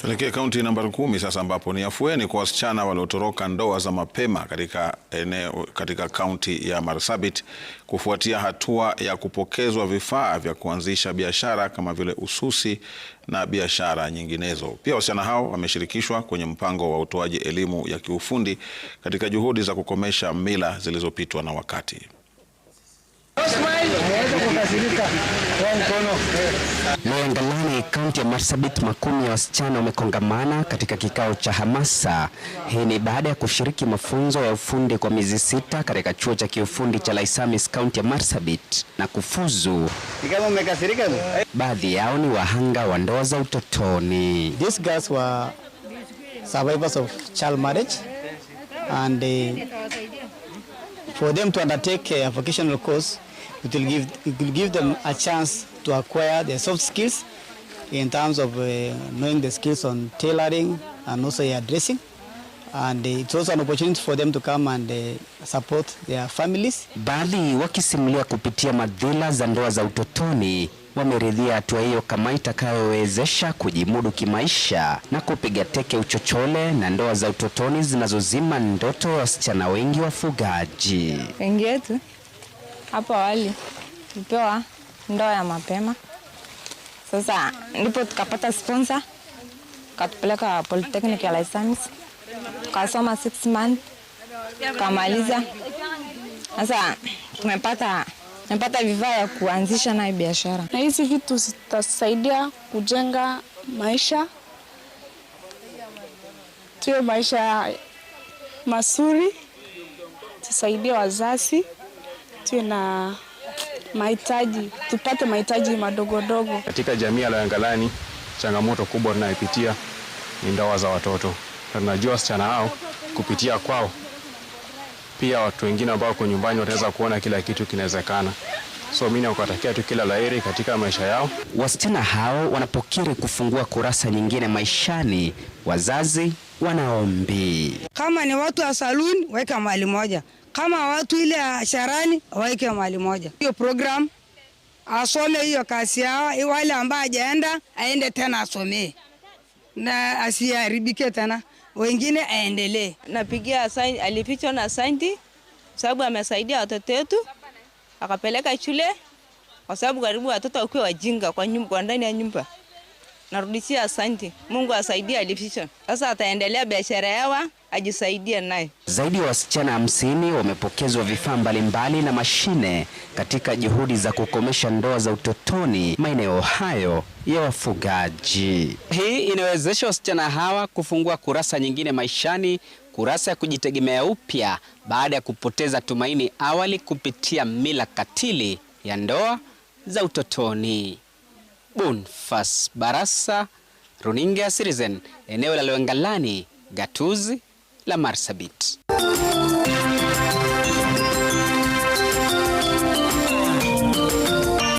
Tuelekee kaunti namba kumi sasa ambapo ni afueni kwa wasichana waliotoroka ndoa za mapema katika eneo katika kaunti ya Marsabit kufuatia hatua ya kupokezwa vifaa vya kuanzisha biashara kama vile ususi na biashara nyinginezo. Pia wasichana hao wameshirikishwa kwenye mpango wa utoaji elimu ya kiufundi katika juhudi za kukomesha mila zilizopitwa na wakati. Merendalani, kaunti ya Marsabit, makumi ya wasichana wamekongamana katika kikao cha hamasa. Hii ni baada ya kushiriki mafunzo ya ufundi kwa miezi sita katika chuo cha kiufundi cha Laisamis, kaunti ya Marsabit na kufuzu. Baadhi yao ni wahanga wa ndoa za utotoni. These girls were survivors of child marriage and eh, for them to undertake a vocational course it will give it will give them a chance to acquire their soft skills in terms of uh, knowing the skills on tailoring and also hairdressing and uh, it's also an opportunity for them to come and uh, support their families. Baadhi wakisimulia kupitia madhila za ndoa za utotoni wameridhia hatua hiyo kama itakayowezesha kujimudu kimaisha na kupiga teke uchochole na ndoa za utotoni zinazozima ndoto wasichana wengi wafugaji. Wengi wetu hapo awali tulipewa ndoa ya mapema, sasa ndipo tukapata sponsor katupeleka polytechnic ya Lysamis tukasoma six month tukamaliza. Sasa tumepata tumepata vifaa ya kuanzisha nayo biashara, na hizi vitu zitasaidia kujenga maisha tuyo maisha masuri, tusaidie wazazi tuwe na mahitaji, tupate mahitaji madogodogo. Katika jamii ya Loyangalani, changamoto kubwa tunayopitia ni ndoa za watoto. Tunajua wasichana hao kupitia kwao, pia watu wengine ambao kwa nyumbani wataweza kuona kila kitu kinawezekana. So mimi nakutakia tu kila laheri katika maisha yao. Wasichana hao wanapokiri kufungua kurasa nyingine maishani, wazazi wanaombi, kama ni watu wa saluni, weka mali moja kama watu ile sharani waike mahali moja, hiyo program asome hiyo kasi yao. Wale ambaye ajaenda aende tena asomee na asiharibike tena, wengine aendelee. Napigia alipichwa na asanti, sababu amesaidia watoto wetu akapeleka shule, kwa sababu karibu watoto wakiwa wajinga kwa nyumba, kwa ndani ya nyumba narudishia asanti. Mungu asaidie alificha, Sasa ataendelea biashara yawa ajisaidia naye. Zaidi ya wasichana hamsini wamepokezwa vifaa mbalimbali na mashine katika juhudi za kukomesha ndoa za utotoni maeneo hayo ya wafugaji. Hii inawezesha wasichana hawa kufungua kurasa nyingine maishani, kurasa ya kujitegemea upya baada ya kupoteza tumaini awali kupitia mila katili ya ndoa za utotoni. Bonfas Barasa, runinga ya Citizen, eneo la Lwengalani, gatuzi la Marsabit.